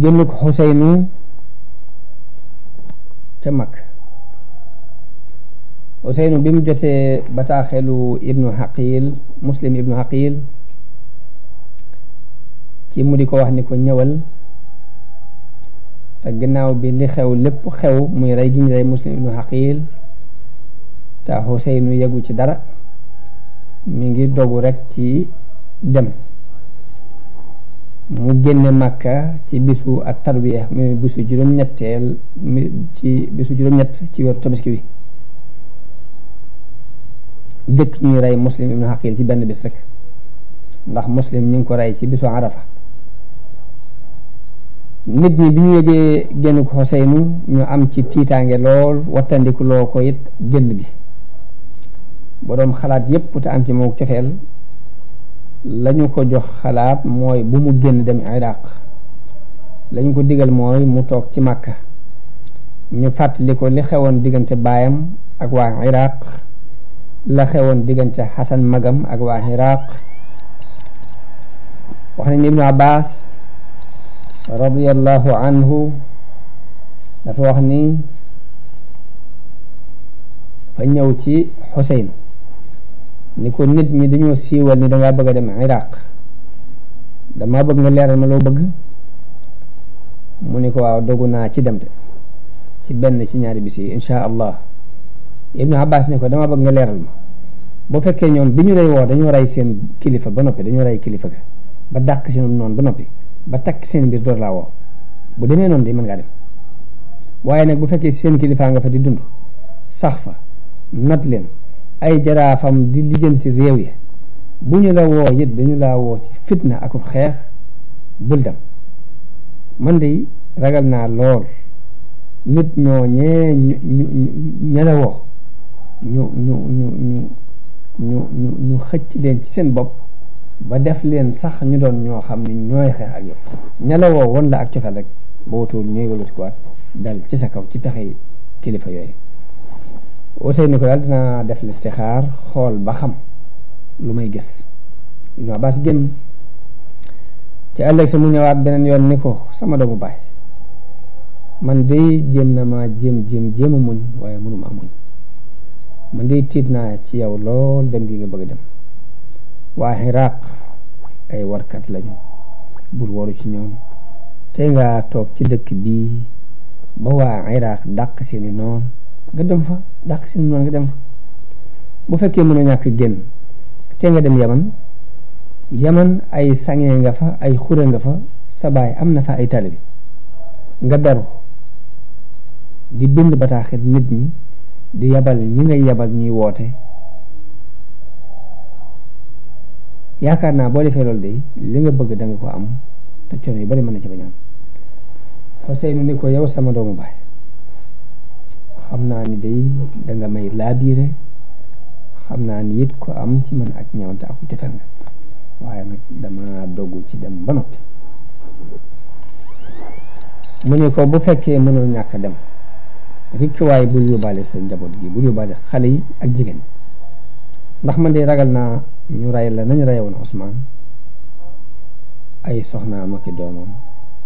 génnuk xuseynu ca mag xuseynu bi mu jotee bataaxelu ibnu xaqil muslim ibnu xaqil ci mu di ko wax ni ko ñëwal te gannaaw bi li xew lépp xew muy rey gi ñu rey muslim ibnu xaqil te xuseynu yegu ci dara mi ngi dogu rekk ci dem mu génne màkka ci bisu ak tarbiya muy bisu juróom-ñetteel ci bisu juróom-ñett ci weeru tabaski bi jëkk ñuy rey muslim ibnu xaqil ci benn bis rek ndax muslim ñu ngi ko rey ci bisu arafa nit ñi bi ñu yëgee génn ko xoseynu ñu am ci tiitaange lool wattandiku loo ko it génn gi boroom xalaat yépp te am ci moo cofeel lañu ko jox xalaat mooy bu mu génn dem iraq lañu ko digal mooy mu toog ci màkka ñu fàttali ko li xewoon diggante baayam ak waa iraq la xewoon diggante xasan magam ak waa iraq wax nañ ibnu abbas radiallahu anhu dafa wax ni fa ñëw ci xuseyn ni ko nit ñi dañoo siiwal ni dangaa bëgg a dem iraq damaa bëgg nga leeral ma loo bëgg mu ni ko waaw dogu naa ci demte ci benn ci ñaari bis yi insha allah ibnu abbas ni ko damaa bëgg nga leeral ma bu fekkee ñoom bi ñu lay woo dañoo rey seen kilifa ba noppi dañoo rey kilifa ga ba dàq seen noonu ba noppi ba takk seen mbir door laa woo bu demee noonu de mën ngaa dem waaye nag bu fekkee seen kilifaa nga fa di dund sax fa nat leen ay jaraafam di lijjanti réew yi bu ñu la woo it dañu laa woo ci fitna akub xeex bul dem man de ragal naa lool nit ñoo ñee ñu ñu la woo ñu ñu ñu ñu ñu ñu ñu xëcc leen ci seen bopp ba def leen sax ñu doon ñoo xam ni ñooy xeex ak yow ña la woon la ak cofeel rek ba wutul ñooy walbatikuwaat dal ci sa kaw ci pexe yi kilifa yooyu Ousseynou ni ko daal dinaa def listixaar xool ba xam lu may gis Ibnu Abbas génn ci ëllëg sa mu ñëwaat beneen yoon ni ko sama doomu baay man de jéem na ma jéem jéem jéem muñ waaye mënuma amuñ man de tiit naa ci yow lool dem gi nga bëgg dem waa Iraq ay warkat lañu bul waru ci ñoom te ngaa toog ci dëkk bii ba waa Iraq dàq seeni noon nga dem fa dàq si noonu nga dem fa bu fekkee mën a ñàkk génn te nga dem yaman yaman ay sange nga fa ay xure nga fa sa baay am na fa ay taalibe nga daru di bind bataaxit nit ñi di yabal ñi ngay yabal ñuy woote yaakaar naa boo defee loolu de li nga bëgg danga ko am te coono yu bari mën na ci bañ am Ousseynou ni ko yow sama doomu baay xam naa ni day danga may laabiire xam naa ni it ko am ci man ak ñeewante ak jofel nga waaye nag dama doggu ci dem ba noppi mu ne ko bu fekkee mënoo ñàkk dem rikkiwaay bu yóbbaale sa njaboot gi bul yóbbaale xale yi ak jigéen ndax ma de ragal naa ñu rey la nañu reyoon Ousmane ay soxnaam ak i doomam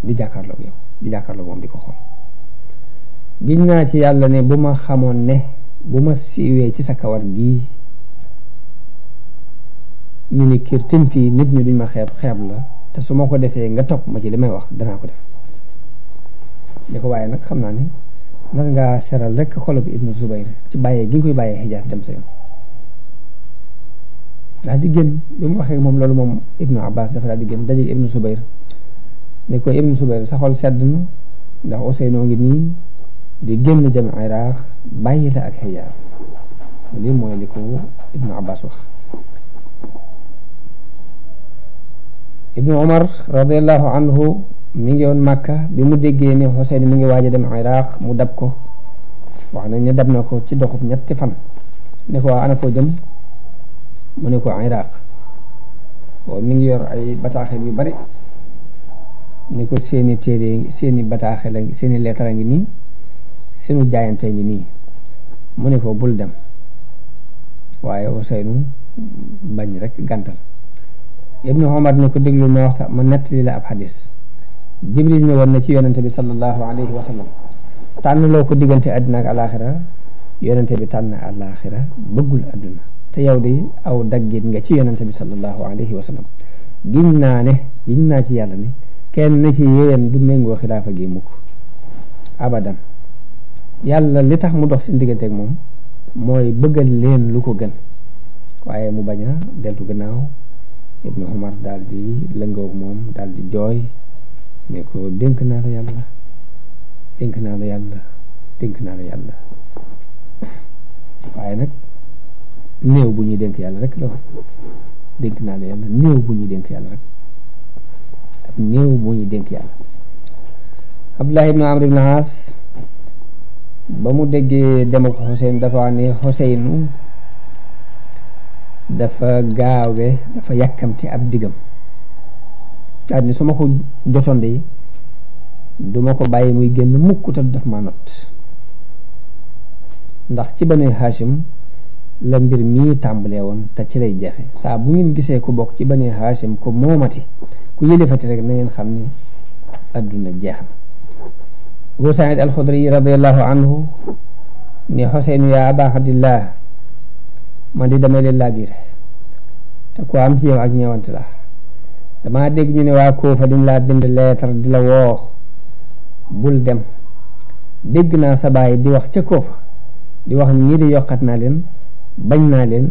di jàkkaarloog yow di jàkkaarloog moom di ko xool giñ naa ci yàlla ne bu ma xamoon ne bu ma siiwee ci sa kawar gii ñu ni tim fii nit ñi duñ ma xeeb xeeb la te su ma ko defee nga topp ma ci li may wax danaa ko def ni ko waaye nag xam naa ni nan ngaa seral rek xolo bi ibnu zubayr ci bàyyee gi nga koy bàyyee xijaas dem sa yoon daal di génn bi mu waxee moom loolu moom ibnu abbas dafa daal di gën dajeeg ibnu zubayr ni ko ibnu zubayr sa xol sedd na ndax Ousseynou ngi nii di génn jëm iraq bàyyi la ak xijaas lii mooy li ko ibnu abbas wax ibnu omar radiallahu anhu mi ngi woon màkka bi mu déggee ni xuseyn mi ngi waaj a dem iraq mu dab ko wax nañ ne dab na ko ci doxub ñetti fan ne ko ana foo jëm mu ne ko iraq waaw mi ngi yor ay bataaxel yu bari ni ko seeni téere seeni bataaxel seeni leetara ngi nii seenu jaayante ngi nii mu ne ko bul dem waaye Ousseynou bañ rek gàntal Ibnu Omar ne ko déglu ma waxta ma nettali la ab xadis Jibril ñëwoon na ci yonente bi sallallahu alayhi wa tànn loo ko diggante àddina ak alaaxira yonente bi tànn alaaxira bëggul àdduna te yow di aw daggit nga ci yonente bi sallallahu alayhi wa sallam giñ naa ne giñ naa ci yàlla ne kenn na ci yéen du méngoo xilaafa gi mukk abadan yàlla li tax mu dox seen diggante ak moom mooy bëggal leen lu ko gën waaye mu bañ a deltu gannaaw ibnu umar daal di lëngoog moom daal di jooy ne ko dénk naa la yàlla dénk naa la yàlla dénk naa la yàlla waaye nag néew bu ñuy dénk yàlla rek la naa la yàlla néew bu ñuy dénk yàlla rek ab néew bu ñuy ba mu déggee dem ak dafa wax ni Xuseynu dafa gaawe dafa yàkkamti ab diggam daal ni su ma ko jotoon duma ko bàyyi muy génn mukk te daf ma not ndax ci banu Hashim la mbir mii tàmbalee woon te ci lay jeexe saa bu ngeen gisee ku bokk ci banu Hashim ku moomati ku yëlefati rek na xam ni àdduna jeex na abu said alxudri radiallahu anhu ni xoseenu yaa aba abdillah man di damay leen laa biir te ku am ci yow ak ñeewante la dama dégg ñu ne waa Kuufa dañ laa bind leetar di la woo bul dem dégg naa sa baay di wax ca Kuufa di wax ñii de yokkat naa leen bañ naa leen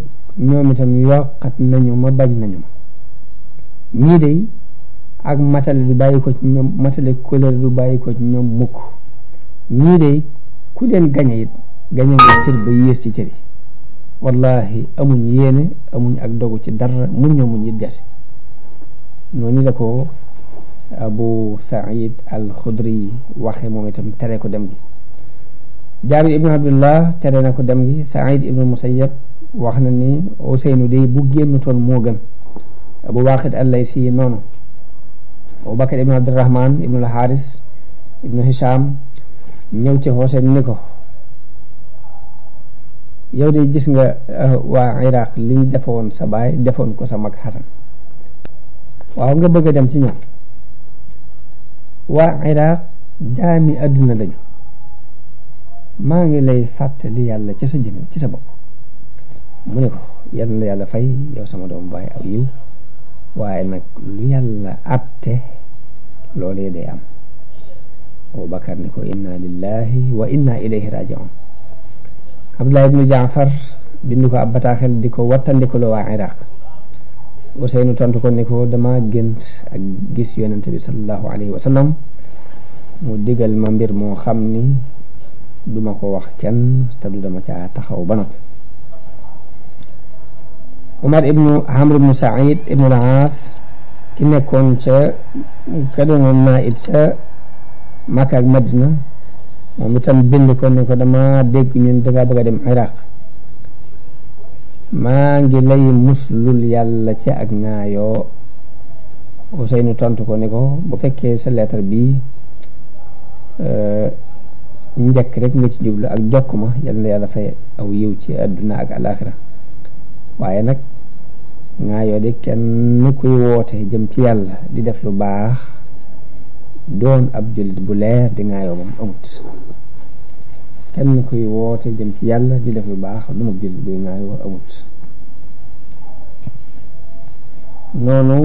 ñoom itam yokkat nañu ma bañ nañu ma ñii de ak matale du bàyyi ko ci ñoom matale couleur bàyyi ko ci ñoom mukk ñii de ku leen gañe it gañe nga cër ba yées ci cër yi wallahi amuñ yéene amuñ ak dogu ci dara mun ñoo muñ it jate noonu la ko abu said al xudri waxe moom itam tere ko dem gi jaabir ibnu abdullah tere na ko dem gi said ibnu musayab wax na ni useynu de bu génn génnutoon moo gën abu waaqid al laysi noonu Abubakar ibnu Abdurahman ibnu Haris ibnu Hisham ñëw ci Xuseen ni ko yow de gis nga eh, waa Iraq li ñu defoon sa baay defoon ko sa mag Xasan waaw nga bëgg a dem ci ñoom waa Iraq jaami àdduna lañu maa ngi lay fàttali yàlla ci sa jëmm ci sa bopp mu ne ko yal na yàlla fay nag lu yàlla àtte loolee day am Abubakar ni ko inna lillahi wa inna ilayhi rajiun Abdullah ibnu Jaafar bind ko ab bataaxel di ko wattandikuloo waa Iraq Ousseynou tontu ko ni ko dama gént ak gis yonent bi sallallahu alayhi wa mu digal ma mbir moo xam ni duma ko wax kenn te du dama caa taxaw ba Umar ibnu Amr ibnu Saïd ibnu al ki nekkoon ca ka doonoon naa it ca Makka ak Madina moom itam bind ko ne ko dama dégg ñun dangaa bëgg a dem Iraq maa ngi lay muslul yàlla ci ak ñaayoo Ousseynou tontu ko ne bu fekkee sa lettre bi euh, njekk rek nga ci jublu ak jokk ma yàlla na aw yiw ci àdduna ak alaaxira waaye nag ngaayoo di kenn kuy woote jëm ci yàlla di def lu baax doon ab jullit bu leer di ngaayoo moom amut kenn kuy woote jëm ci yàlla di def lu baax doon ab jullit buy ngaayoo amut noonu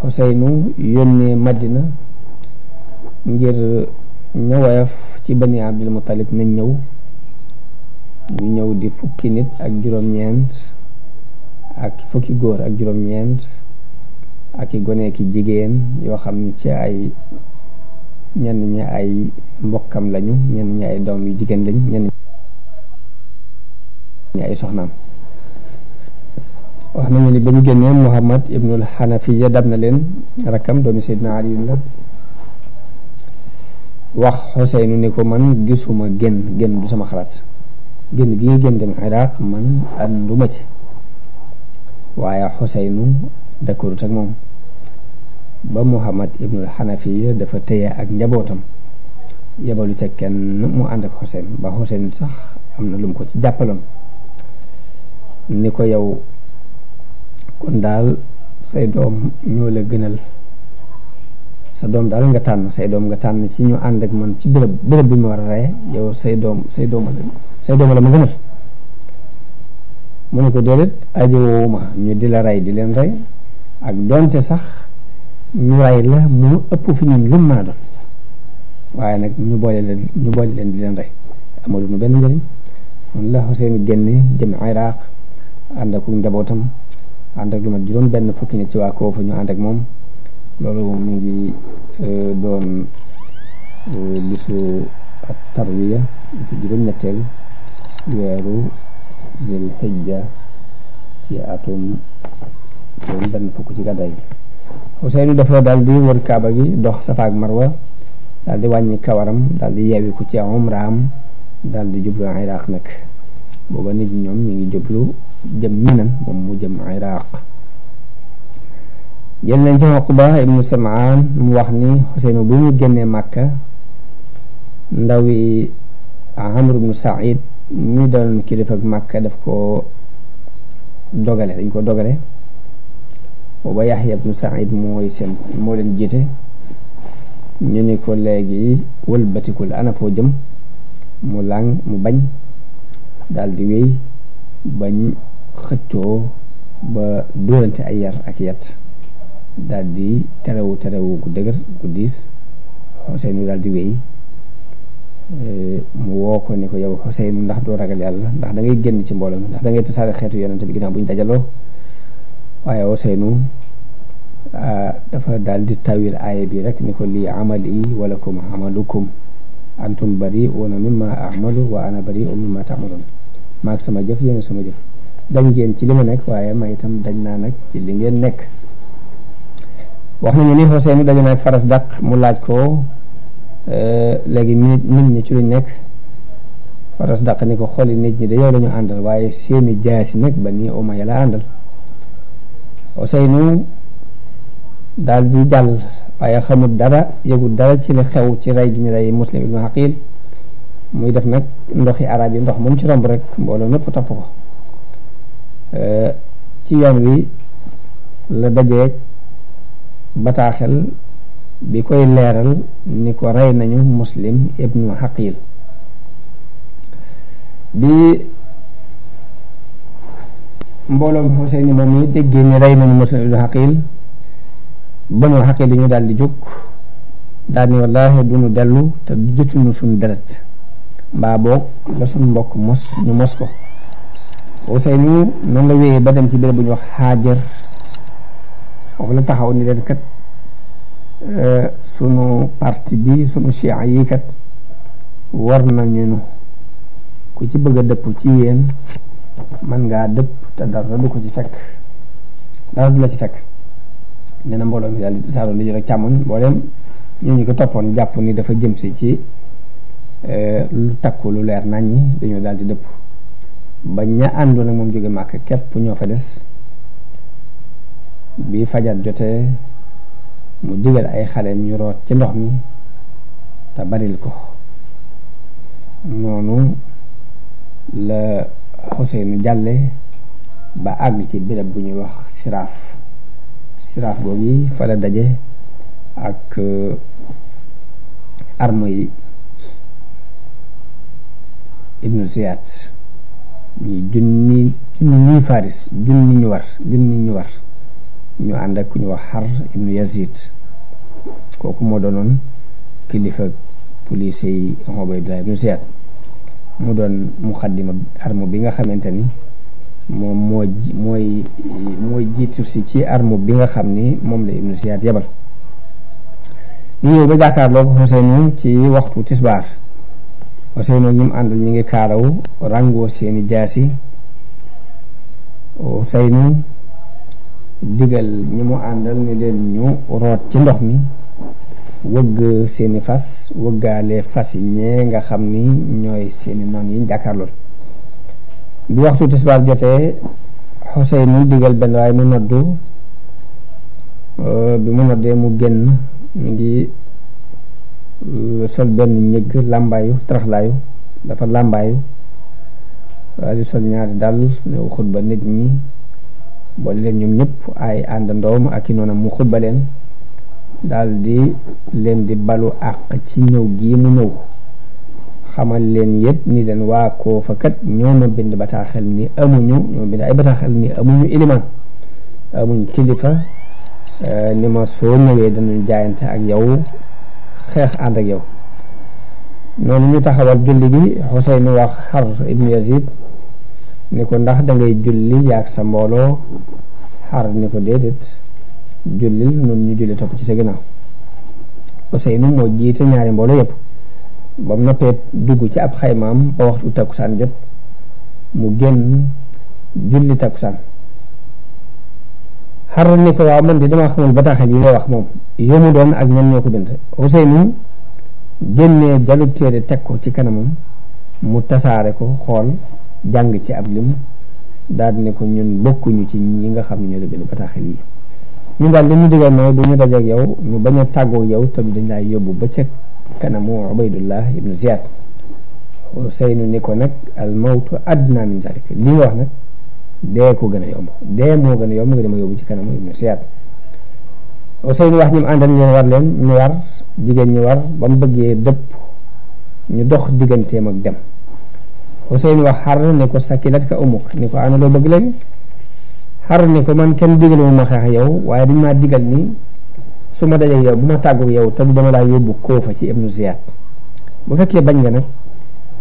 xoseynu yónnee madina ngir ñëwoyof ci bani abdul muttalib nañ ñëw ñu ñëw di fukki nit ak juróom-ñeent ak fukki góor ak juróom-ñeent ak i gone jigéen yoo xam ni ci ay ñenn ñi ay mbokkam lañu ñenn ñi ay doom yu jigéen lañ ñenn ñi ay soxnaam wax nañu ni ba ñu génnee Muhammad ibnul Xanafiya dab na leen rakkam doomi Seydina yi la wax Xuseynu ni ko man gisuma génn génn du sama xalaat génn gi ñu génn dem iraq man ànduma ci waaye xuseynu dakkorut ak moom ba muhammad ibnul xanafiya dafa tëye ak njabootam yebalu ca kenn mu ànd ak xuseyn ba xuseyn sax am na lu mu ko ci jàppaloon ni ko yow kon daal say doom ñoo la gënal sa doom daal nga tànn say doom nga tànn ci ñu ànd ak man ci bërëb bërëb bi mu war a reye yow say doom say doom say doom la ma nga ne mu ne ko déedéet ajowuma ñu di la rey di leen rey ak donte sax ñu rey la mu ëpp fi ñun lim mën a doon waaye nag ñu boole leen leen di leen rey amul nu benn njëriñ mun la Hussein génne jëm Iraq ànd ak njabootam ànd ak lu mat juróom benn fukki nit ci waa Koofa ñu ànd ak moom loolu mu ngi euh, doon euh, bisu tarwiya juróom ñetteel weeru zil ci atum juróom benn fukk ci gàddaay Ousseynou dafa daal wër kaaba gi dox Safa Marwa daal wàññi kawaram daal di yeewiku ci umraam daal jublu iraq nag booba nit ñoom ñu ngi jublu jëm minan moom mu jëm iraq jël nañ ci ibnu Samaan mu wax ni Ousseynou bu mu génnee Màkka ndawi Amr ibnu Saïd mi doon kilifag ak Makka daf ko dogale dañ ko dogale booba Yaxya ibnu Saïd mooy seen moo leen jiite ñu ni ko léegi wëlbatikul ana foo jëm mu làng mu bañ daldi wéy bañ xëccoo ba dóorante ay yar ak yat daldi terewu terewu gu dëgër gu diis Xuseyn wi daldi wéy Eh, mu woo ko ni ko yow Ousseynou ndax doo ragal yàlla ndax dangay génn ci mbooloo mi ndax da ngay tasaare xeetu yonente bi ginnaaw bu ñu dajaloo waaye Ousseynou ah, dafa daal di tawil aaya bi rek ni ko lii amali walakum amalukum antum bari'una mimma amalu wa ana bari'un mimma ta'malun maag sama jëf yéen sama jëf dañ ngeen ci li ma nekk waaye ma itam dañ naa nag ci li ngeen nekk wax nañu ni Ousseynou daje nag mu laaj ko Euh, léegi nit nit ñi ci luñ nekk faras dàq ni ko xooli nit ñi de yow la ñu àndal waaye seeni jaasi nag ba nii uma yàlla àndal Ousseynou daal di jàll waaye xamul dara yëgul dara ci li xew ci rey gi ñu rey muslim ibnu xaqil muy def nag ndox yi arab yi ndox moom ci romb rek mbooloo mépp topp ko euh, ci yoon wi la dajee bataaxel bi koy leeral ni ko rey nañu muslim ibnu xaqil bi mbooloom xuseen yi moom yi déggee ni rey nañu muslim ibnu xaqil banu xaqil dañu daal di jóg daal ni du duñu dellu te jotuñu suñu deret mbaa boog la suñu mbokk mos ñu mos ko xuseen yi noonu la wéyee ba dem ci béréb bu ñu wax xaajar foofu la taxaw ni leen kat sunu parti bi sunu chia yi kat war na ñunu ku ci bëgg a dëpp ci yéen mën ngaa dëpp te dara du ko ci fekk dara du la ci fekk nee na mbooloo mi daal di tasaaroo di rek càmmoñ mboolem ñoo ñu ko toppoon jàpp ni dafa jëm si ci e, lu takku lu leer nañ ñi dañoo daal di dëpp bañ ña àndoon ak moom jóge màkk képp ñoo fa des bi fajar jotee mu digal ay xale ñu root ci ndox mi te baril ko noonu la Xuseynu jàlle ba àgg ci birab bu ñuy wax siraaf siraaf googu fa la daje ak euh, armo yi ibnu Ziyad ñi junni junni ñuy faris junni ñu war junni ñu war ñu ànd ak ku ñu wax xar ibnu yazid kooku moo doonoon kilifa police yi Ubaydullah ibnu Ziyad mu doon muxaddima arme bi nga xamante ni moom mooy mooy jiitu si ci arme bi nga xam ni moom la ibnu Ziyad yebal ñu ñëw ba jàkkaarloo ko Xuseynu ci waxtu tisbaar Xuseynu ñu mu àndal ngi kaalaw ràngoo seeni jaasi Xuseynu digal ñi mu àndal ni leen ñu root ci ndox mi wëgg seeni fas wëggaale fas yi ñee nga xam ni ñooy seeni noon yiñ jàkkaarlool bi waxtu tisbaar jotee Xuseynu digal benn waaye mu noddu euh, bi mu noddee mu génn mu ngi euh, sol benn ñëgg làmbaayu taraxlaayu dafa làmbaayu waaye di sol ñaari dàll ñëw xutba nit ñi boole leen ñoom ñëpp ay àndandoom ak i noonam mu xubba leen daal di leen di balu àq ci ñëw gii mu ñëw xamal leen yëpp ni leen waa koo fa kat ñoo ma bind bataaxel ni amuñu ñoo bind ni amuñu ilimaan amuñu kilifa euh, ni ma soo ñëwee danañ jaayante ak yow xeex ànd ak yow noonu ñu taxawal julli bi Xuseyn wax Xar ibnu Yazid ni ko ndax dangay julli yaag sa mbooloo xar ni ko déedéet jullil nun ñu julli topp ci sa ginnaaw Useynu moo jiite ñaari mbooloo yépp ba mu noppee dugg ci ab xaymaam ba waxtu takkusaan jot mu génn julli takkusaan xar ni ko waaw man de dama xamul bataaxal yi ngay wax moom yoo mu doon ak ñan ñoo ko bind Useynu génnee jalu téere teg ko ci kanamam mu tasaare ko xool jàng ci ab lim daal di ne ko ñun bokkuñu ci ñi nga xam ne ñoo la bind bataaxel yi ñu daal li ñu digal mooy du ñu dajeek yow ñu bañ a tàggoo yow te dañ laay yóbbu ba ca kanamu Ubaydullah ibnu Ziyad Useynu ni ko nag al mawtu adna min zalik li nga wax nag dee ko gën a yomb dee moo gën a yomb nga dama yóbbu ci kanamu ibnu Ziyad Useynu wax ñu mu àndal ñu war leen ñu war jigéen ñu war ba mu bëggee dëpp ñu dox digganteem ak dem Huseyn wax xar ne ko sakkilat ko umuk ni ko ana loo bëgg léegi xar ni ko man kenn digal ma xeex yow waaye dañ maa digal ni su ma dajee yow bu ma tàggu yow te du dama laa yóbbu koofa ci ibnu Ziyaad bu fekkee bañ nga nag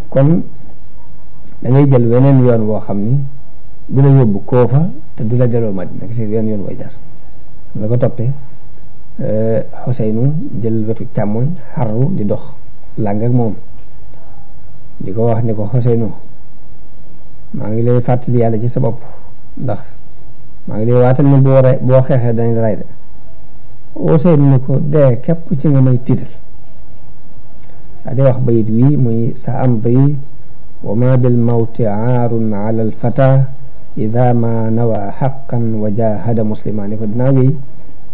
kon dangay jël weneen woo xam ni du la yóbbu kóofa te du la delloo Madina nag si wenn yoon wooy jar la ko toppee Xuseynu euh, jël wetu càmmoñ xaru di dox làng ak moom di ko wax ni ko Ousseynou maa ngi lay fàttali yàlla ci sa bopp ndax maa ngi lay waatal ni boo rey boo xeexee dañ la rey de Ousseynou ni ko dee képp ci nga may tiital adi wax bayit wi muy sa am bay wa ma bil mawti aarun ala al fata ida ma nawa xaqan wa jahada musliman ko dinaa wéy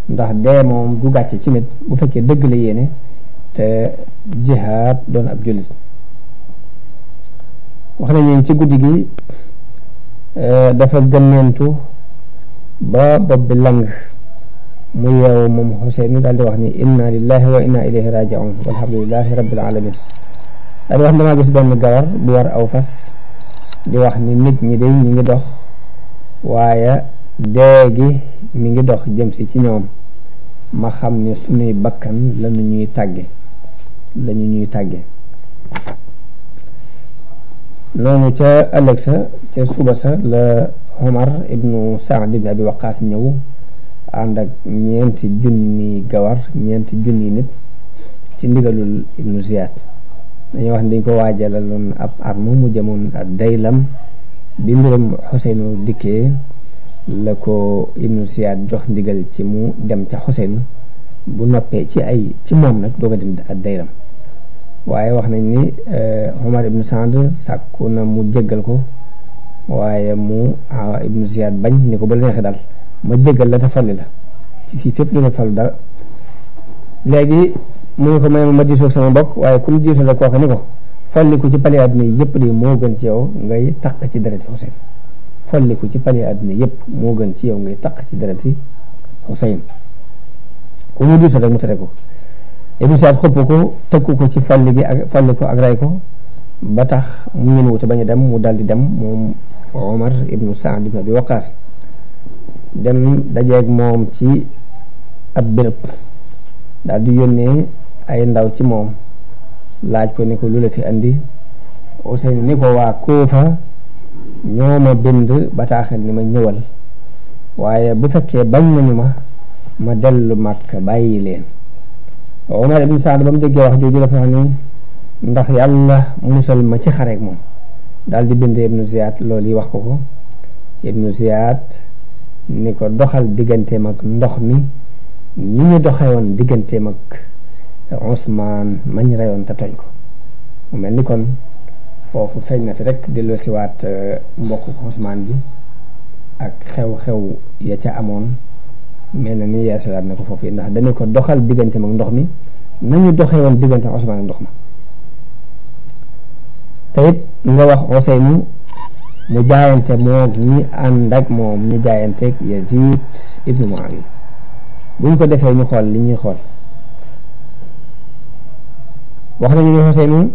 ndax dee moom du gàcce ci nit bu fekkee dëgg la yéene te jihaad doon ab jullit wax nañu ci guddi gi euh, dafa gëmmeentu ba bopp bi lang mu yeewu moom Xuseyn daal di wax ni inna lillahi wa inna ilayhi rajiun walhamdulilahi rabbil alamin daal di wax damaa gis benn gawar bu war aw fas di wax ni nit ñi de ñi ngi dox waaye dee gi mi ngi dox jëm si ci ñoom ma xam ne sunuy bakkan lañu ñuy tàgge lañu ñuy tàgge noonu ca ëllëg sa ca suba sa la Omar ibnu Saad ibnu Abi ñëw ànd ak ñeenti junni gawar ñeenti junni nit ci ndigalul ibnu Ziyaad dañuy wax ne dañ ko waajalaloon ab arme mu jëmoon ak daylam bi mbiram Xuseynu dikkee la ko ibnu Ziyaad jox ndigal ci mu dem ca Xuseynu bu noppee ci ay ci moom nag doo ko dem ak daylam waaye wax nañ ni euh, Omar ibnu Saad sàkku na mu jéggal ko waaye mu ibnu Ziyad bañ ni ko ba la neexee daal ma jéggal la te folli la ci fii fépp dina falu dara léegi mu ngi ko may ma diisoo sama mbokk waaye ku mu diisoo la kooka ni ko folliku ci pale àdduna yëpp de moo gën ci yow ngay taq ci dereti Xuseyn folliku ci pale àdduna yëpp moo gën ci yow ngay taq ci dereti Xuseyn ku mu diisoo rek mu tere ko Ibnu Saad xëpp ko tëkku ko ci fàll bi ak fàll ko ak ray ko ba tax mu ñun wuta bañ a dem mu daldi dem moom Omar ibnu Saad ibnu moom ci ab béréb daal di ndaw ci moom laaj ko ni lu la fi andi Ousseynou ni ko waa Kóofa ñoo ma bind bataaxal ni ma ñëwal waaye bu fekkee bañ nañu ma ma dellu Makka bàyyi leen Omar ibn Saad ba mu déggee wax jooju dafa wax ni ndax yàlla musal ma ci xareeg moom daal di bindee ibnu Ziyaad loolu yi wax ko ko ibnu Ziyaad ni ko doxal digganteem ak ndox mi ñu ñu doxewoon digganteem ak Usmaan mañ reyoon te tooñ ko mu mel ni kon foofu feeñ na fi rek delloosiwaat euh, mbokk Usmaan bi ak xew-xew ya ca amoon mel na ni yeesalaat na ko foofu yi ndax dañu ko doxal diggante mag ndox mi nañu doxee woon diggante osmaan ak ndox ma te nga wax Useynu mu jaayante moom ñi ànd ak moom ñu jaayanteeg Yazid ibnu Muawiya bu ñu ko defee ñu xool li ñuy xool wax nañu ne Useynu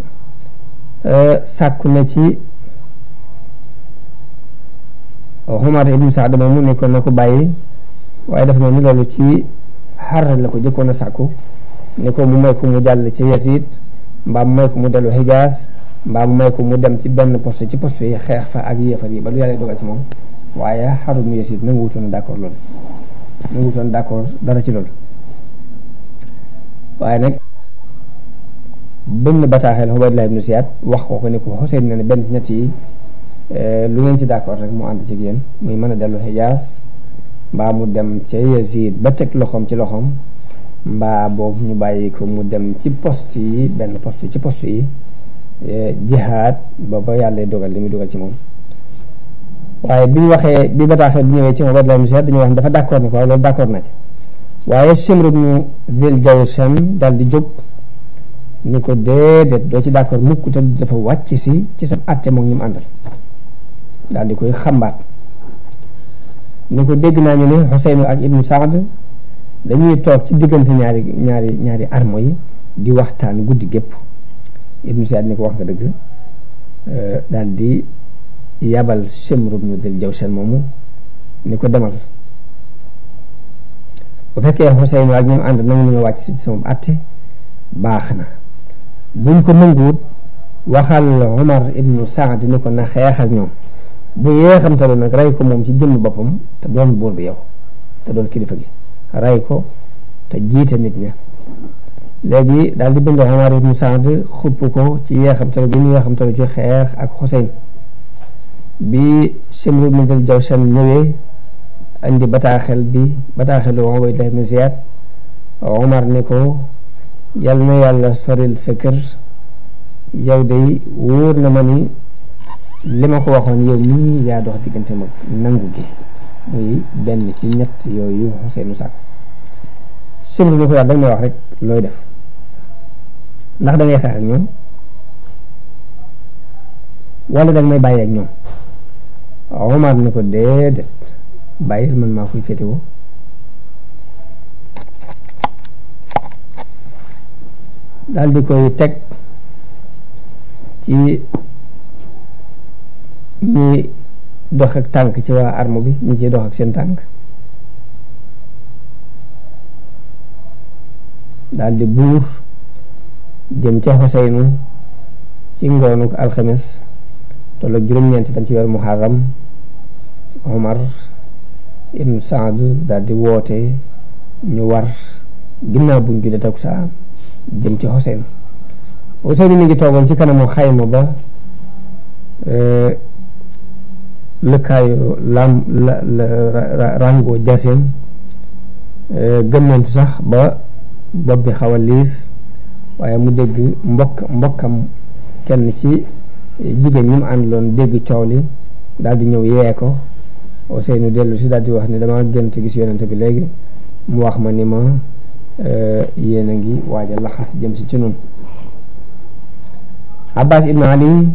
euh, sàkku na ci Umar ibnu Saad moomu nekkoon na ko bàyyi waaye dafa mel ni loolu ci xar la ko jëkkoon a sàkku ni ko mu may ko mu jàll ci Yasid mbaa mu may ko mu dellu Hijaas mbaa mu may ko mu dem ci benn post ci poste yi xeex fa ak yéefar yi ba lu yàlla dogal ci moom waaye xarum Yasid nangu wutoon d'accord loolu nangu wutoon d'accord dara ci loolu waaye nag bënn bataaxel Ubaydullah ibn Ziyad wax ko ko ni ko Xuseyn na ne benn ñett yi eh, lu ngeen ci d'accord rek mu ànd ci yéen muy mën a dellu Hijaas mbaa mu dem ca Yazid ba teg loxoom ci loxoom mbaa boobu ñu bàyyi ko mu dem ci poste yi benn poste ci poste yi e, jihaad ba ba yàlla dogal li muy dogal ci moom waaye bi ñu waxee bi bataaxee bi ñëwee ci moom Abdallah ibn Ziyaad dañu wax ne dafa d'accord ni ko loolu d'accord na ci waaye Simru ibnu Dil Jawshan dal di jóg ni ko déedéet doo ci d'accord mukk te dafa wàcc si ci sa àtte moom ñu mu àndal daal di koy xambaat ni ko dégg naa ñu ne Xuseynu ak Ibnu Saad dañuy toog ci diggante ñaari ñaari ñaari armo yi di waxtaan guddi gépp Ibnu Saad ni ko wax nga dëgg euh, daal di yabal Shimr ibnu Dil seen moom ni ko demal bu fekkee Xuseynu ak ñoom ànd nangu ñu wàcc si sama àtte baax na buñ ko nanguwut waxal Omar Ibnu Saad ni ko na xeex ak ñoom bu yeexamtalu nag ray ko moom ci jëmm boppam te doon buur bi yow te doon kilifa gi ray ko te jiite nit ña léegi daal di bind Umar ibnu Saad xupp ko ci yeexamtalu gi mu yeexamtalu ci xeex ak Xuseyn bi Simru ibnu Dil Jawshan ñëwee indi bataaxel bi bataaxelu Ubaydullah ibnu Ziyaad Umar ni ko yal na yàlla soril sa kër yow de wóor na ma ni li ma ko waxoon yow mii yaa dox diggante mag nangu gi muy benn ci ñett yooyu seenu sàkk sëñ bi ko wax dañ may wax rek looy def ndax da ngay xeex ak ñoom wala da may bàyyi ak ñoom Omar ni ko déedéet bàyyil man maa koy féetewoo daal di koy teg ci. ñi dox ak tànk ci waa arme bi ñi ciy dox ak seen tànk daldi buur jëm ca xoseynu ci ngoonu alxames tolloog juróom-ñeenti fan ci weeru muharram omar ibnu saad daldi woote ñu war ginnaaw buñ julee takkusaan jëm ci xoseynu xoseynu mi ngi toogoon ci kanamu xayma ba eh, lëkkaayu lam la rango jasim euh, gën sax ba bopp bi xaw a liis waaye mu dégg mbokk mbokkam kenn ci jigéen ñi mu àndaloon dégg coow li daal di ñëw yee ko Ousseynou dellu si daal di wax ne dama gënt gis yonent bi léegi mu wax ma ni ma euh, yéen a ngi waaj a laxas jëm si ci noonu Abbas ibn Ali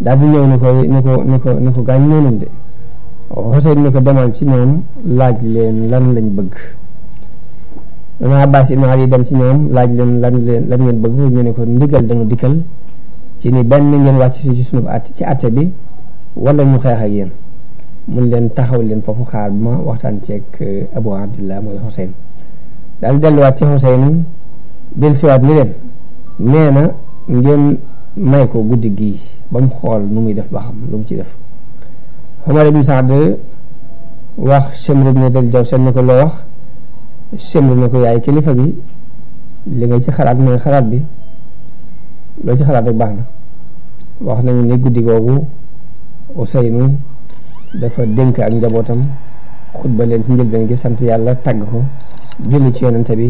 daal di ñëw ni ko ni ko ni ko gaañ ñëw de Xuseyn ni ko demal ci ñoom laaj leen lan lañ bëgg dama Abbas ibn Ali dem ci ñoom laaj leen lan leen lan ngeen bëgg ñu ne ko ndigal dañu dikkal ci ni benn ngeen wàcc si ci sunu at ci atte bi wala ñu xeex ak mun leen taxaw leen foofu xaar ma waxtaan ceeg eh, Abu Abdillah mooy Xuseyn daal delluwaat ci Xuseyn dellusiwaat ni leen nee ngeen may ko guddi gii ba mu xool mu muy def ba xam lu mu ci def Omar ibn Saad wax Chamr ibn Dal Jawsan ne ko loo wax Chamr ne ko yaay kilifa gi li nga ci xalaat mooy xalaat bi loo ci xalaat rek baax na wax nañu ni guddi googu Ousseynou dafa dënk ak njabootam xutba leen ci njëlbeen gi sant yàlla tàgg ko julli ci yonante bi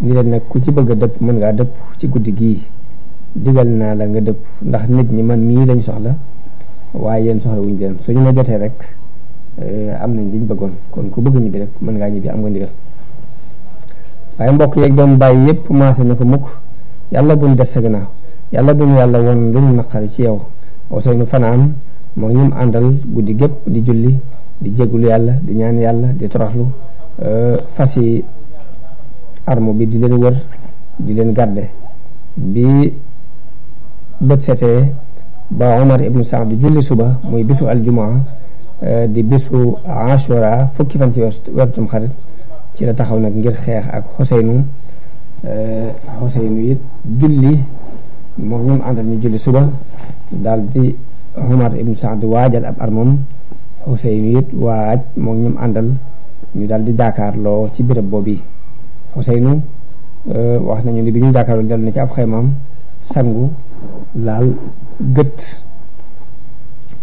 ni leen nag ku ci bëgg dëpp mën ngaa dëpp ci guddi gii digal naa la nga dëpp ndax nit ñi man mii lañ soxla waaye yéen soxla wuñ leen suñu ma jotee rek euh, am nañ liñ bëggoon kon ku bëgg ñibbi rek mën ngaa ñibbi am nga ndigal waaye mbokk yeeg doom bàyyi yépp maase na ko mukk yàlla buñ des sa gannaaw yàlla buñ yàlla woon lu ñu naqari ci yow Ousseynou fanaan moo ñum àndal guddi gépp di julli di jéggalu yàlla di ñaan yàlla di toroxlu euh, fas yi armo bi di leen wër di leen garde bi bët setee ba Omar ibnu Saad di julli suba muy bisu aljumaa euh, di bisu ashura fukki fan ci weeru Tamxarit ci la taxaw nag ngir xeex ak xoseynu euh, xoseynu it julli moom ñu àndal ñu julli suba dal di Omar ibnu Saad waajal ab armam xoseynu it waaj moom ñu àndal ñu daal di jàkkaarloo ci béréb boobu xoseynu euh, wax nañu ni bi ñu jàkkaarloo dal na ci ab xaymaam sangu laal gët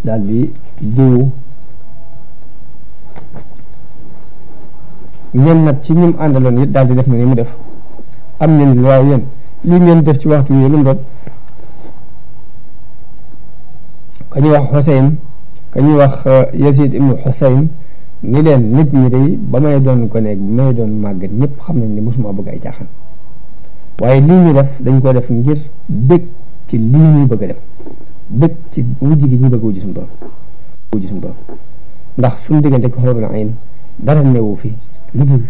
daal di diw ñenn nag ci ñim àndaloon it daal di def na ni mu def am nañ waaw yéen li ngeen def ci waxtu wi lu mu doon ka ñuy wax Xuseyn ka ñuy wax euh, Yazid ibnu Xuseyn ni leen nit ñi day ba may doon ko nekk ba may doon màggat ñëpp xam nañ ni mosuma bëgg ay caaxaan waaye lii ñu def dañ ko def ngir bëgg ci lii ñuy bëgg a dem bëgg ci mujj gi ñu bëgg wujj wujj suñu borom ndax suñu diggante ko xolobal ayn dara newu fi lu dul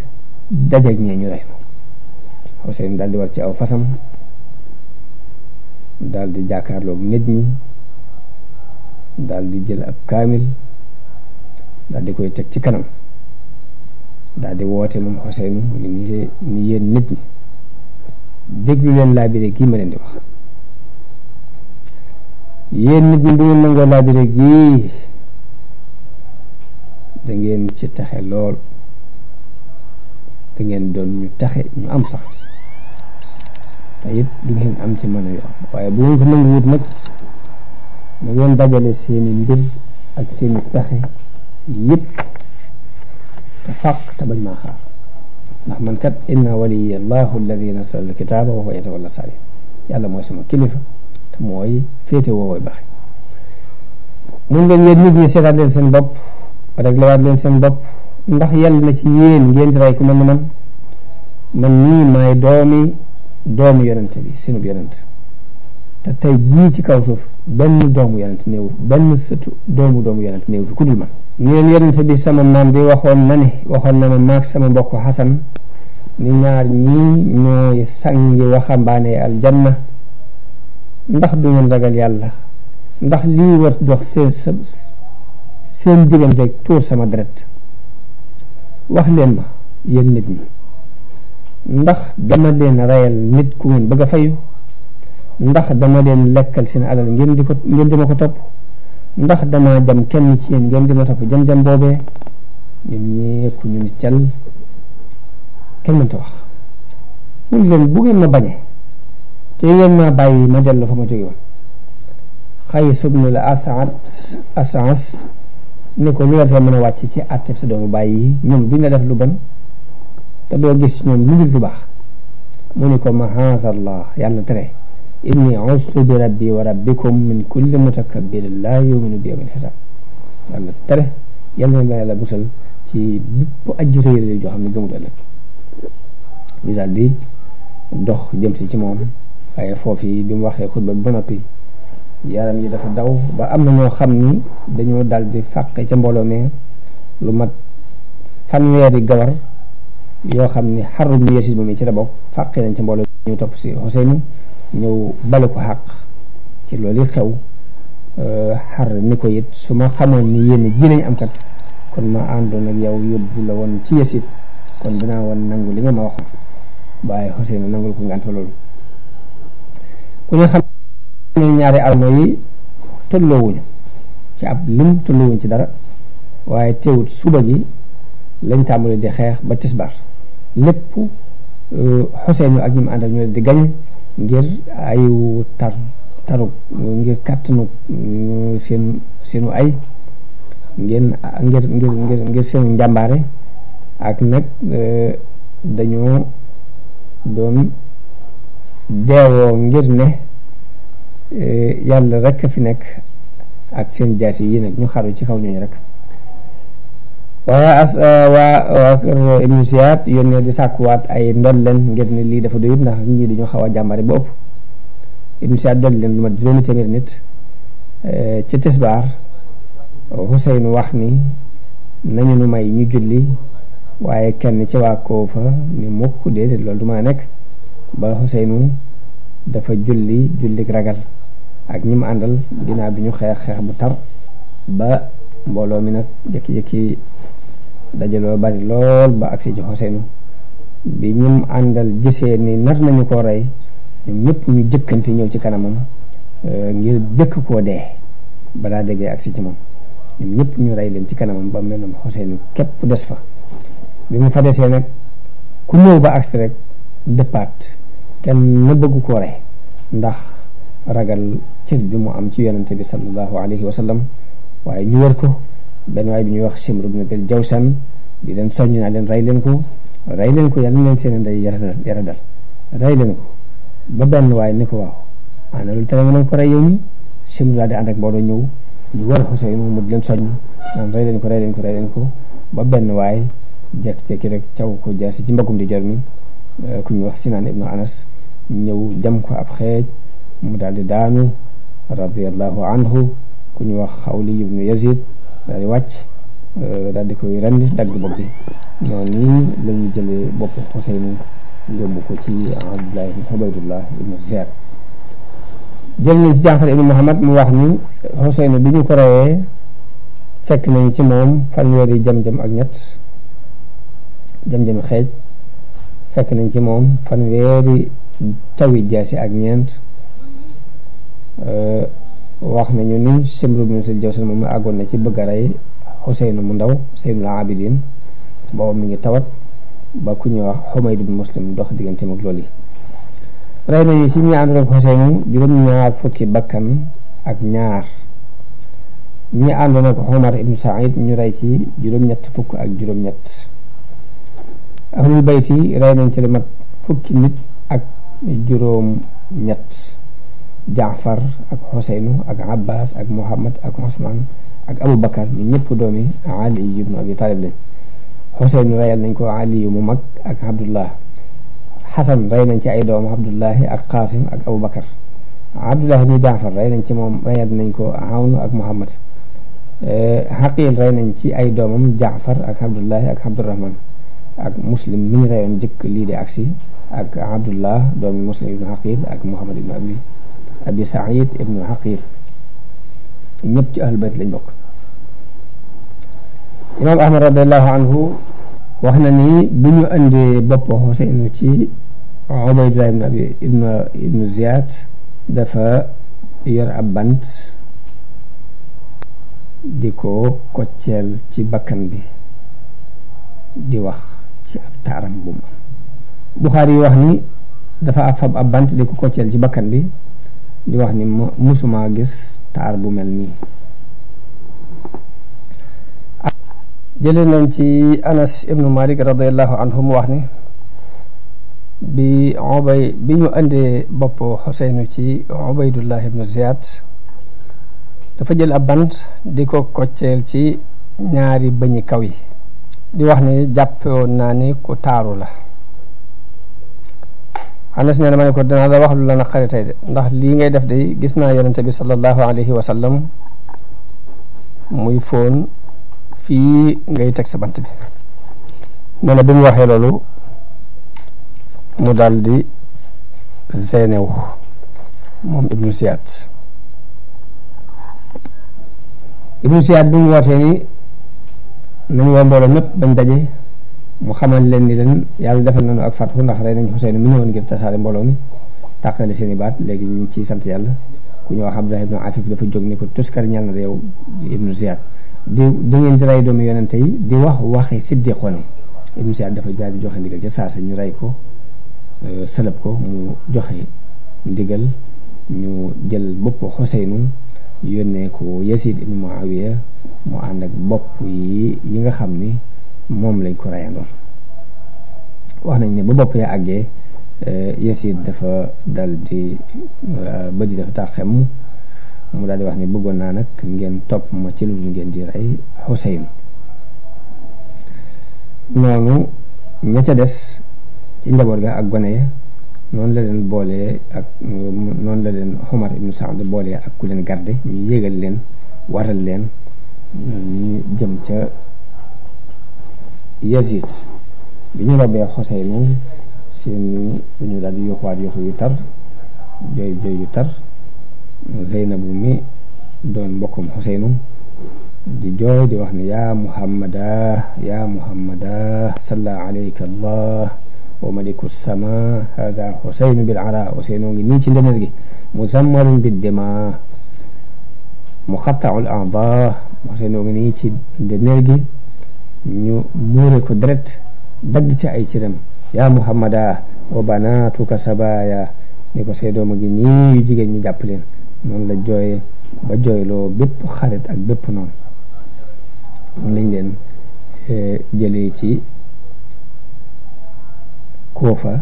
dajeeg ñee ñu rey ma Xuseyn daal di war ci aw fasam daldi di nit ñi daldi jël ab kaamil daldi koy teg ci kanam daal di woote moom Xuseyn ni yéen nit ñi déglu leen laa bi rek kii ma leen di wax yéen nit ñi bu ngeen nangoo laabire gii da ngeen ci taxe lool da doon ñu taxe ñu am sax te it du ngeen am ci mën a waaye bu ngeen ko nanguwut nag ma ngeen dajale seeni mbir ak seeni pexe yëpp te fàq te bañ maa xaar ndax man kat inna waliya allahu alladi nasala alkitaaba wa huwa yatawalla saalih yàlla mooy sama kilifa mooy féete woowooy baax mun ngeen yéen nit ñi seetaat leen seen bopp réglewaat leen seen bopp ndax yàlla na ci yéen ngeen di rey ku mel ni man man nii maay doomi doomu yonent bi seenub yonent te tey jii ci kaw suuf benn doomu yonent néew benn sëtu doomu doomu yonent ku dul man ñu leen yonent bi sama maam bi waxoon na ne waxoon na ma maag sama mbokk Xasan ni ñaar ñii ñooy sangi waxambaane aljanna ndax du ngeen ragal yàlla ndax lii war dox seen seen diggante tuur sama dret wax leen ma yéen nit ñi ndax dama leen reyal nit ku ngeen bëgg a fayu ndax dama leen lekkal seen alal ngeen di ko ngeen di ma ko topp ndax dama jam kenn ci yéen ngeen di ma topp jam jam boobee ñun ñëpp ñu ni cal kenn mënta wax mu leen bu ngeen ma bañee ci ngeen ma bàyyi ma dellu fa ma jóge woon Qays ibnul As'ad As'as ni ko lu la tee mën a wàcc ci àtteb sa doomu bàyyi yi ñoom duñ la def lu bon te doo gis ñoom lu dul lu baax mu ni ko mahaasallah yàlla tere inni ustu bi rabbi wa rabbikum min na yàlla musal ci bépp aji réer joo xam ne gëmut ëllëg ñu daal jëm si ci moom waaye foofu yi bi mu waxee xutba bi ba noppi yaram yi dafa daw ba am na ñoo xam ni dañoo dal di fàqe ca mbooloo mi lu mat fanweeri gawar yoo xam ni xarum ni yeesis moom yi ci la bokk fàqe nañ ca mbooloo ñu topp si Hussein ñëw bale ko xàq ci loolu xew euh, xar ni ko it su ma xamoon ni yéen ji lañ am kon ma àndoon ak yow yóbbu la woon ci yesit kon dinaa woon nangu li nga ma waxoon waaye Hussein nangul ko ngànt loolu ku ne xam ne ñaari armo yi tolloowuñu ci ab lim tolloowuñu ci dara waaye teewut suba gi lañ tàmbali di xeex ba tisbar lépp xoseen euh, ak ñi mu àndal ñoo di gañe ngir ayu tar ngir kàttanu euh, seen seenu ay ngeen ngir ngir ngir seenu njàmbaare ak nag euh, dañoo doon deewoo ngir ne e, yàlla rekk fi nekk ak seen jaasi yi nag ñu xaru ci kaw ñooñu rek waa as e, waa waa ibnu siyaat yónnee di sàkkuwaat ay ndolleen ngir ne lii dafa doyut ndax ñii dañu xaw a jàmbare ba ëpp ibnu siyaat dolli leen lu ma juróomi téeméer nit e, ci tisbaar Huseyn wax ni nañu nu may ñu julli waaye kenn ci waa Koofa ni mukk déedéet loolu du mën nekk ba xuseynu dafa julli jullik ragal ak ñi mu àndal ginnaaw bi ñu xeex xeex bu tar ba mbooloo mi nag jëkki-jëkki dajaloo bari lool ba agsi ci xuseynu bi ñi mu àndal gisee ni nar nañu ko rey ñoom ñëpp ñu jëkkante ñëw ci kanamam euh, ngir jëkk koo dee balaa déggee agsi ci moom ñoom ñëpp ñu rey leen ci kanamam ba mel ne xuseynu képp des fa bi mu fa desee nag ku ñëw ba agsi rek dëppaat kenn bëgg koo rey ndax ragal cër bi mu am ci yonente bi sallallahu alayhi wa sallam waaye ñu wër ko benn waay bi ñuy wax Shimr ibn bil jaw di leen soññ naa leen rey leen ko rey leen ko yàlla leen seen ndey yaradal yaradal rey leen ko ko waaw ana lu tere ma ko rey yow mi Shimr daal di ànd ak mbooloo ñëw ñu war ko rey leen ko rey ba benn waay jekk-jekki rek caw ko jaasi ci mbagum di jar mi ku ñu wax Sinaan ibnu Anas ñëw jam ko ab xeej mu daldi daanu radiallahu anhu ku ñu wax xawli ibnu yazid daldi wàcc euh, daldi koy rendi dagg bopp bi noonu lañu jëlee bopp xuseyni yóbbu ko ci abdullah ibnu xubaydullah ibnu zeer jël nañ ci jaafar ibnu muhammad mu wax ni xuseyni bi ñu ko reyee fekk nañ ci moom fanweeri jam-jam ak ñett jam-jam xeej fekk nañ ci moom fanweeri tawi jaasi ak ñeent euh, wax nañu ni Simru bnu Sil Jawsan moom àggoon na ci bëgg a rey Xuseynu mu ndaw Seynul Abidin boobu mi ngi tawat ba ku ñuy wax Xumayd Muslim dox digganteem ak loolu yi rey nañu ci ñi àndoon ak Xuseynu juróom-ñaar fukki bakkan ak ñaar ñi àndoon ak Xumar ibnu Saïd ñu rey ci juróom-ñett fukk ak juróom bayti rey nañ ci lu mat fukki nit ak juróom ñett jaafar ak xuseynu ak abbas ak muhammad ak osman ak abu bakar ñu ñëpp doomi ali ibnu abi taalib lañ xuseynu reyal nañ ko ali mu mag ak abdullah xasan rey nañ ci ay doom abdullahi ak qaasim ak abu bakar abdullahi ibnu jaafar rey nañ ci moom reyal nañ ko awnu ak muhammad xaqiil eh, rey nañ ci ay doomam jaafar ak abdullahi ak abdurahman ak muslim mi ñu reyoon jëkk lii di agsi ak abdullah doomi muslim ibnu xaqir ak muhammad ibnu abi abi said ibnu xaqir ñëpp ci ahlul bayt lañ bokk imaam ahmad radiallahu anhu wax na ni bi ñu indee bopp xuseynu ci ubaydullah ibnu abi ibnu ibnu ziyad dafa yor ab bant di ko kocceel ci bakkan bi di wax ci ab taaram bu mu am Buxaari yi wax ni dafa fab ab bant di ko kocceel ci bakkan bi di wax ni musuma gis taar bu mel nii jële nañ ci Anas ibnu Malik radiallahu anhu mu wax ni bi obay ñu indee bopp xuseynu ci obaydullah ibnu Ziyad dafa jël ab bant di ko kocceel ci ñaari bëñi kaw yi di wax ni jàppoon naa ni ku taaru la anas nee na ma ne ko dana la wax lu la naqari tey de ndax lii ngay def de gis naa yonente bi sallallahu alayhi wa sallam muy foon fii ngay teg sa bant bi nee na bi mu waxee loolu mu daal di zenew moom ibnu siyaat ibnu siyaat bi mu wootee ni nañ woo mbooloo mépp daje mu xamal leen ni leen yàlla defal nañu ak fatxu ndax rey nañ Xuseyn mi ñëwoon ngir tasaare mbooloo mi tàqale seen i baat léegi ñu ngi ciy sant yàlla ku ñu wax Abdullah ibnu Afif dafa jóg ni ko tuskar ñal na yow ibnu Ziyad di di ngeen di rey doomu yonente yi di wax waxi siddiqoon ibnu Ziyad dafa jaar di joxe ndigal ca saa sa ñu rey ko euh, sëlëb ko mu joxe ndigal ñu jël bopp Xuseynu yónnee ko Yasid ibnu Muawiya mu ànd ak bopp yi yi nga xam ni moom lañ ko reyandoon wax nañ ne ba bopp ya àggee eh, Yasid dafa dal di eh, bët yi dafa tàqem mu daal di wax ni bëggoon naa nag ngeen topp ma ci lu ngeen di rey Xuseyn noonu ña ca des ci njaboot ga ak gone ya noonu la leen boolee ak noonu la leen Xumar ibnu Saad boolee ak ku leen garde ñu yégal leen waral leen ñu jëm ca Yazid bi ñu robee Xuseynu seen dañu daal di yuuxuwaat yuuxu yu tar jooy jooy yu tar Zeynabu mi doon mbokkum Xuseynu di jooy di wax ne yaa muhammada yaa muhammada salla alayka allah wa maliku sama hada xuseynu bil ara xuseynu ngi nii ci ndeneer gi muzammarun bid dima muqattau al aada xuseynu ngi nii ci ndeneer gi ñu muure ko deret dagg ci ay ciram yaa muhammada wa banatuka sabaya ni ko see dooma gi nii jigéen ñu jàpp leen noonu la jooye ba jooyloo bépp bépp noonu noonu lañ leen eh, jële ci koofa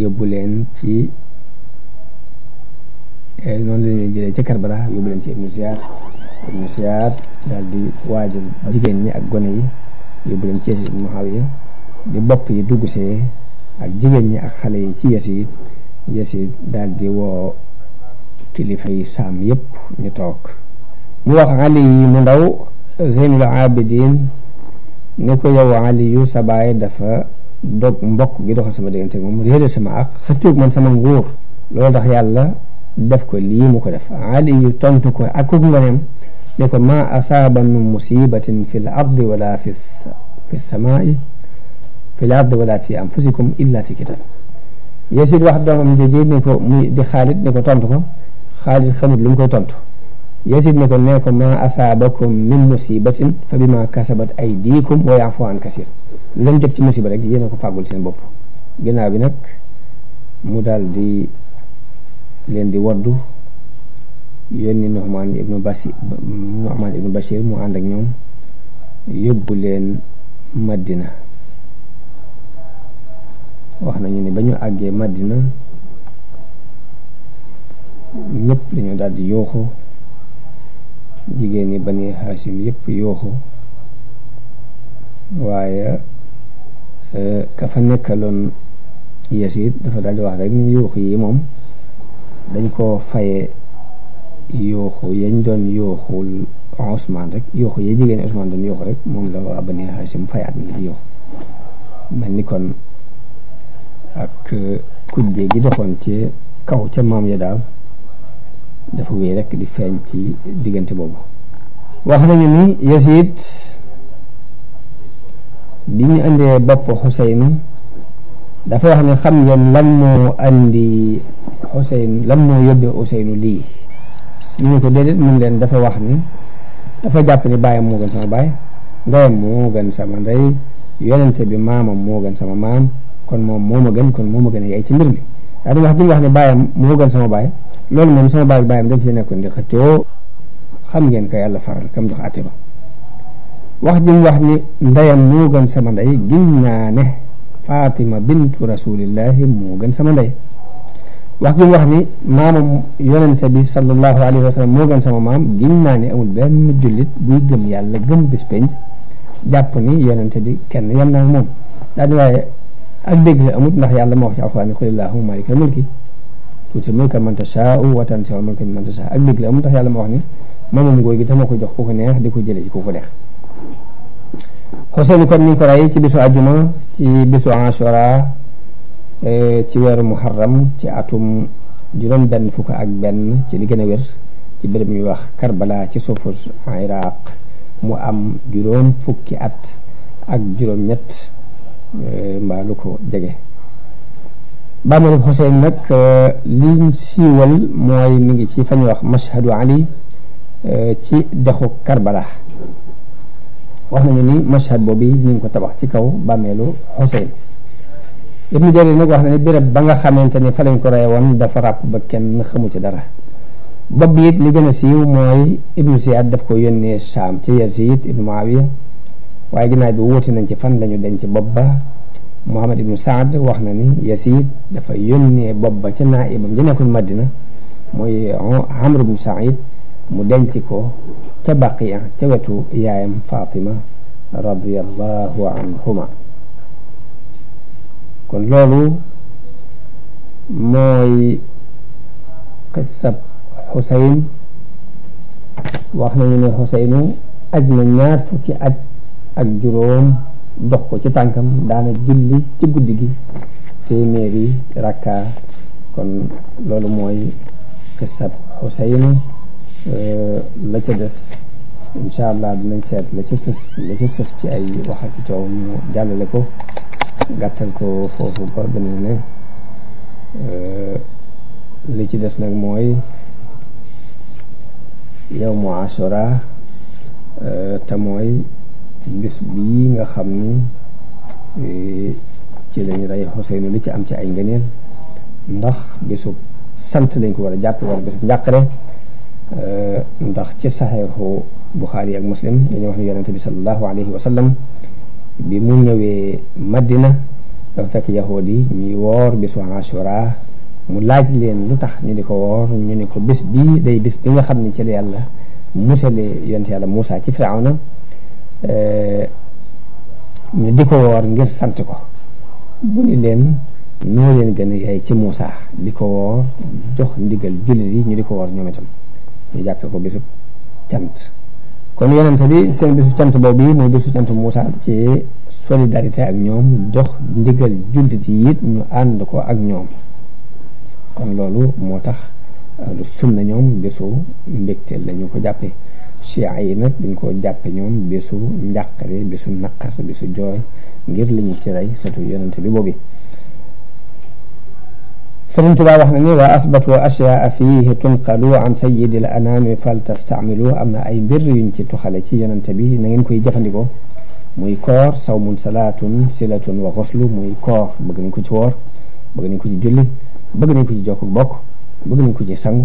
yóbbu leen ci eh, noonu lañ leen jëlee ci karbala yóbbu leen ci ibnu ziyaad daal di waajal jigéen ñi ak gone yi yóbbu leen ci yeesu Muawiya bi bopp yi dugg see ak jigéen ñi ak xale yi ci yes yi yes yi di woo kilifa yi saam yëpp ñu toog mu wax ali yi mu ndaw Zeynul Abidin ni ko yow ali yu sa baay dafa dog mbokk gi doxal sama diggante moom réere sama ak xëccoog man sama nguur loolu tax yàlla def ko lii mu ko def ali yu ko ak kooku ne ko ma asaaba min musibatin fi l ardi wala fi fi samaai fi l ardi wala fi anfusikum illa fi kitab Yasid wax doomam jooju ne ko muy di Xaalid ne ko tontu ko Xaalid xamut lu mu koy tontu Yasid ne ko ne ko ma asaabakum min musibatin fa bima kasabat aydikum wa yafu an kasir lan jëg ci musiba rek yéen a ko fàggul seen bopp ginnaaw bi nag mu daal di leen di waddu yónni Nu'man ibnu Basi Nu'man ibnu Bashir mu ànd ak ñoom yóbbu leen màddina wax nañu ni ba ñu àggee màddina ñëpp dañoo daldi di yooxu jigéen ñi bani Haasim yëpp yooxu waaye e, ka fa nekkaloon Yasid dafa daal wax rek ni yuux yi moom dañ koo faye yooxu yañ doon yooxul Ousmane rek yooxu ya jigéen Ousmane doon yooxu rek moom la waa Bani Haasim fayaat na di yooxu mel ni kon ak euh, kujje gi doxoon ci kaw ca maam ya daal dafa wéy rek di feeñ ci diggante boobu wax nañu ni Yazid bi ñu indee bopp Xuseyn dafa wax ne xam ngeen lan moo indi Xuseyn lan moo yóbbee Xuseynu lii ñu ne ko déedéet mun leen dafa wax ni dafa jàpp ni bàyyam moo gën sama baay ndeyam moo gën sama ndey yonente bi maamam moo gën sama maam kon moom moo ma gën kon moo ma gën a yaay ci mbir mi daa di wax di mu wax ne bàyyam moo gën sama baay loolu moom sama baay bàyyam dem ci nekkoon di xëccoo xam ngeen ko yàlla faral kam jox atti ba wax ji mu wax ni ndeyam moo gën sama ndey gin naa ne Fatima bintu rasulillahi moo gën sama ndey wax gi mu wax ni maamam yonente bi sallallahu alayhi wa sallam moo gën sama maam giñ naa ne amul benn jullit buy gëm yàlla gëm bis penc jàpp ni yonente bi kenn yem naa moom daal di waaye ak dégg la amut ndax yàlla moo wax ci alxuraan ni qul illahumma maalikal mulki tuutil mulka man tashaa'u wa tanzi'ul mulka mimman tashaa'u gi tama ko jox ku ko neex di ko jëlee ci ku ko neex Xuseyn kon ñu ko rey ci bisu àjjuma ci bisu Ashura E, ci weeru muharram ci atum juróom benn fukk ak benn ci li gën a wér ci béréb ñuy wax karbalaa ci suufu Iraq mu am juróom fukki at ak juróom ñett e, mbaa ko jege bàmmeelu Xuseyn nag e, liñ siiwal mooy mu ngi ci fañ wax mashhadu ali ci dexu Karbala wax nañu ni mashhad boobu ñu ngi ko tabax ci kaw bàmmeelu Xuseyn Ibnu Jarir nag wax na ni béréb ba nga xamante ni fa ko rey woon dafa ràpp ba kenn xamu ca dara bopp bi it li gën a siiw mooy Ibnu Ziyad daf ko yónnee Saam ci Yazid Ibnu Muawiya waaye ginnaaw bi wóoti nañ ci fan lañu denc bopp ba Muhammad Ibnu Saad wax na ni Yazid dafa yónnee bopp ba ca naayibam ji nekkul Madina mooy Amr Ibnu Saïd mu denc ko ca Baqiya ca wetu yaayam Fatima radiyallahu anhuma kon loolu mooy xisab xuseyn wax nañu ne xuseynu aj na ñaar fukki at ak juróom dox ko ci tànkam daana julli ci guddi gi téeméeri rakka kon loolu mooy xisab xuseynu la ca des incha allah dinañ seet la ca sës la ca sës ci ay wax ak coow ñu jàllale ko gàttal ko foofu ba beneen ne euh, li ci des nag mooy yow mu asura euh, te mooy bis bii nga xam ni euh, ci lañu rey Xuseynu li ci am ci ay ngëneel ndax bisub sant lañ ko war a jàppe wala bisub njàqare ndax ci saxeexu Buxaari ak Muslim dañu wax ni yonente bi sallallahu alayhi wa sallam bi mu ñëwee maddina dafa fekk yahood yi ñuy woor bisu Ashura mu laaj leen lu tax ñu di ko woor ñu ni ko bis bii day bés bi nga xam ni ci la yàlla musale yonent yàlla Muusaa ci Firawna eh, ñu di ko woor ngir sant ko mu ni leen noo leen gën a yaay ci Muusaa di ko woor jox ndigal jullit yi ñu di ko woor ñoom itam ñu jàppee ko bésub cant kon yonente bi seen bisu cant boobu yi muy bisu cant Moussa ci solidarité ak ñoom dox ndigal jullit yi it ñu ànd ko ak ñoom kon loolu moo tax lu sunna ñoom bisu mbégte la ñu ko jàppe chia yi nag dañ ko jàppe ñoom bisu njàqare bisu naqar bisu jooy ngir li ñu ci rey surtout yonente bi boobu Sëriñ Tuubaa wax na ni waa asbatu ashyaa fiihi tunqalu an sayyidil anaami fal tastamilu am na ay mbir ci tuxale ci yonante bi na ngeen koy jëfandikoo muy koor sawmun salaatun silatun wa xoslu muy koor bëgg nañ ko ci woor bëgg nañ ko ci julli bëgg nañ ko ci bokk bëgg nañ ko ci sangu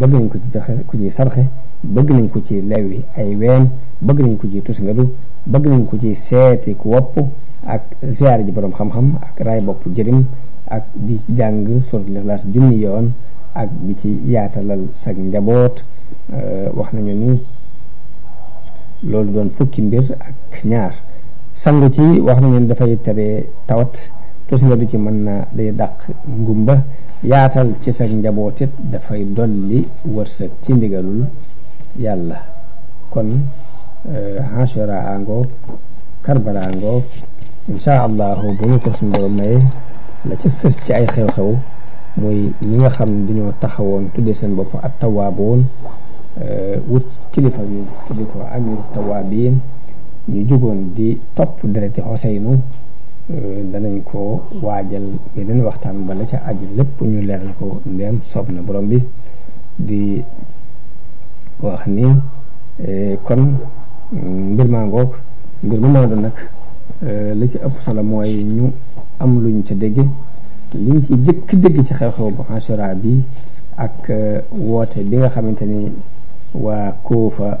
bëgg nañ ko ci joxe ku ci sarxe bëgg nañ ko ci lewi ay ween bëgg nañ ko ci tusngadu bëgg nañ ko ci seeti ku wopp ak ziyaar ji boroom xam-xam ak raay bopp jërim ak di jàng suratul ixlaas junni yoon ak di ci yaatalal sag njaboot euh, wax nañu ni loolu doon fukki mbir ak ñaar sangu ci wax nañu ni dafay tere tawat tos nga du ci mën na day dàq ngumba yaatal ci sag njaboot it dafay dolli wërsëg ci ndigalul yàlla kon euh, Ashura ango insha allahu bu ñu ko suñu maye la ca sës ci ay xew-xew mooy ñi nga xam ne dañoo taxawoon tuddee seen bopp ak tawaaboon euh, wut kilifa bi tuddee ko amir tawaabiin ñu jógoon di topp dereti xoseynu euh, danañ ko waajal beneen waxtaan ba la ca aju lépp ñu leeral ko ndeem soob na borom bi di wax ni euh, kon mbir maa ngoog mbir mu maa doon nag li ci ëpp solo mooy ñu am luñ ca dégg liñ ci jëkk dégg ci xew-xew bu bi ak euh, woote bi nga xamante ni waa Kuufa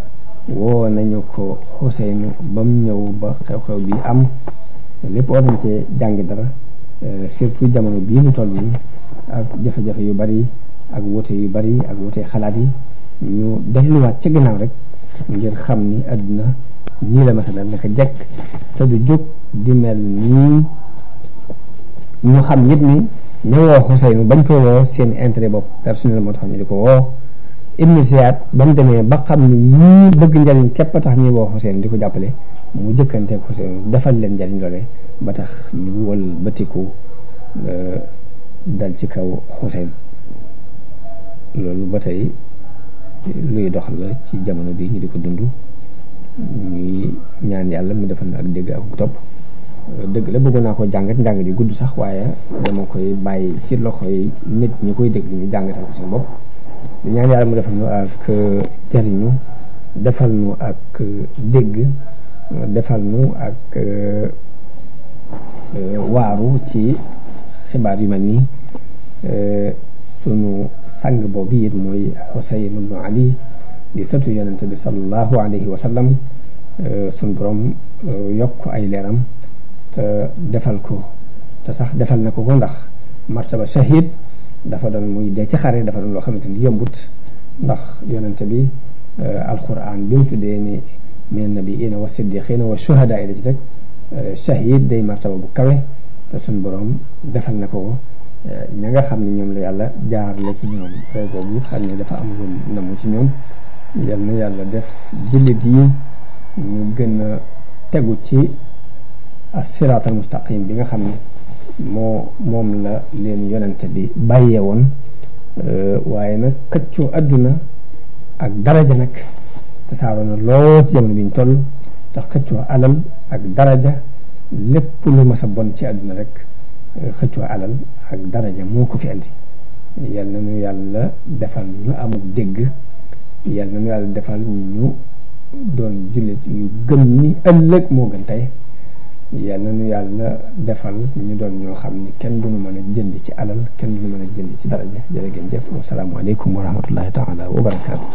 woo nañu ko Xuseynu ba mu ñëw ba xew-xew bi am lépp war nañ cee jàngi dara euh, surtout jamono bii ñu toll nii ak jafe-jafe yu bari ak woote yu bari ak woote xalaat yi ñu delluwaat ci ginnaaw rek ngir xam ni àdduna nii la masalan naka jekk te du jóg di mel nii ñu xam it ni ñu woo Xuseynu bañ ko woo seen intérêt bopp personnel moo tax ñu di ko woo Ibnu Ziyaad ba mu demee ba xam ni ñii bëgg njariñ képp tax ñuy woo Xuseynu di ko jàppale mu jëkkanteeg Xuseynu defal leen njariñ ba tax ñu wal bëtiku euh, dal ci kaw Xuseynu loolu ba tey luy dox la ci jamono bi ñu di ko dund ñuy ñaan yàlla mu defal na ak dégg ak topp dëgg la bëggoon naa ko jàngat njàng di gudd sax waaye dama koy bàyyi ci loxo yi nit ñi koy déglu ñu jàngatal ko seen bopp di ñaan yàlla mu defal ñu ak euh, defal ñu ak euh, dégg defal ñu ak euh, waaru ci xibaar yu mel nii sunu sang boobu it mooy Xuseyn ibnu Ali di sëtu yonente bi sallallahu alayhi wa sunu borom yokk ay leeram defal ko te sax defal na ko ko ndax martaba shahid dafa doon muy dee ci xare dafa doon loo xamante ni yombut ndax yonente bi eh, alquran bi mu tuddee ni min nabiina wa siddiqina wa shuhada yi da ci rek eh, shahid day martaba bu kawe te suñ boroom defal na ko ko eh, ña nga xam ne ñoom la yàlla jaar la ci ñoom rey googu xam ne dafa am lu namu ci ñoom yal na yàlla def jullit yi ñu gën a tegu ci asiraatal mustaqim bi nga xam ne moo moom la leen yonente bi bàyyee woon euh, waaye nag këccoo àdduna ak daraja nag tasaaroo na lool ci jamono bi ñu toll te xëccoo alal ak daraja lépp lu mas a bon ci àdduna rekk euh, xëccoo alal ak daraja moo ko fi andi yal na nu yàlla defal ñu amuk dégg yal na nu yàlla defal ñu doon jullit yu gëm ni ëllëg moo gën tey yal na nu yàlla defal ñu doon ñoo xam ni kenn duñu mën a jënd ci alal kenn duñu mën a jënd ci daraja jërë ngeen jëf wasalaamualeykum wa rahmatullahi taala wa barakaatu.